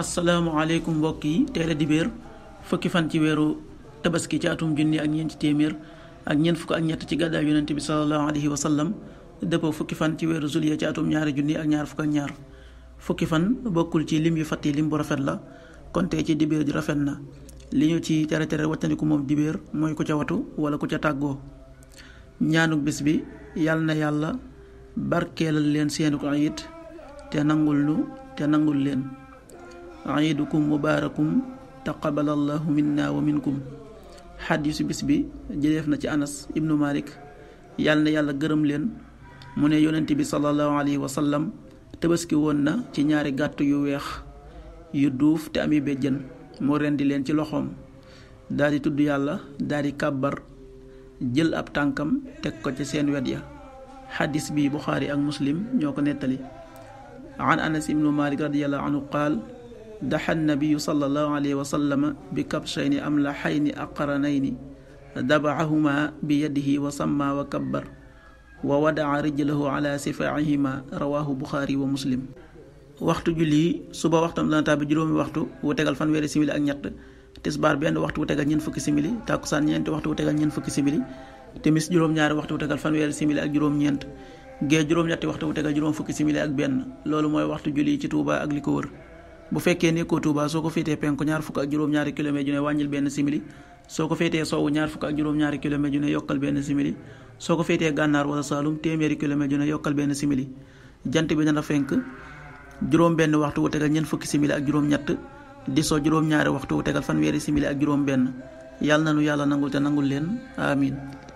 asalaamaaleykum mbokk yi teel a dibéer fukki fan ci weeru tabaski ci atum junni ak ñeenti téeméer ak ñeent fukk ak ñett ci gàddaay yonente bi salallahu alayhi wa sallam dëppoo fukki fan ci weeru juillet ci atum ñaari junni ak ñaar fukk ñaar fukki fan bokkul ci lim yu fàtti lim bu rafet la kon ci dibéer di rafet na li ñu ci tere tere wattandiku moom dibéer mooy ku ca watu wala ku ca tàggoo ñaanuk bis bi yàlla na yàlla barkeelal leen seenuk ayit te nangul te nangul leen iidukum mubaarakum taqabalallahu minna wa minkum xadiisu bis bi jëleef na ci anas ibnu malik yàlla na yàlla gërëm leen mu ne yonent bi sallallahu alayhi wa sallam tabaski woon na ci ñaari gàtt yu weex yu duuf te ami béjjën mu rendi leen ci loxoom daal di tudd yàlla daldi di jël ab tànkam teg ko ci seen wet ya xadis bi buxaari ak muslim ñoo ko nettali an anas ibnu malik radiallahu anhu qaal daxa nabiyu sallallahu alayhi wa sallam bi kabshayni amlaxayni aqranayni dabacahuma bi yadihi wa samma wa kabbar wa wadaca rijlahu ala sifaacihima rawaahu buxaari wa muslim waxtu julli suba waxtam dana tàbbi juróomi waxtu wu tegal fanweeri simili ak ñett tisbaar benn waxtu wu tegal ñeent fukki simili tàkkusaan ñeenti waxtu wu tegal ñeent fukki simili timis juróom-ñaari waxtu wu tegal fanweeri simili ak juróom-ñeent gee juróom-ñetti waxtu wu tegal juróom fukki simili ak benn loolu mooy waxtu julli ci Tuuba ak li ko wër bu fekkee nekkoo Touba soo ko féetee penku ñaar fukk ak juróom-ñaari kilomètres yu ne wàññil benn simili soo ko féetee sowwu ñaar fukk ak juróom-ñaari kilomètres yu ne yokkal benn simili soo ko féetee gànnaar wala saalum téeméeri kilomètres yu ne yokkal benn simili jant bi dana fenk juróom benn waxtu wu tegal ñeent fukki simili ak juróom-ñett di so juróom-ñaari waxtu wu tegal fanweeri simili ak juróom benn yàlla na nu yàlla nangul te nangul leen amin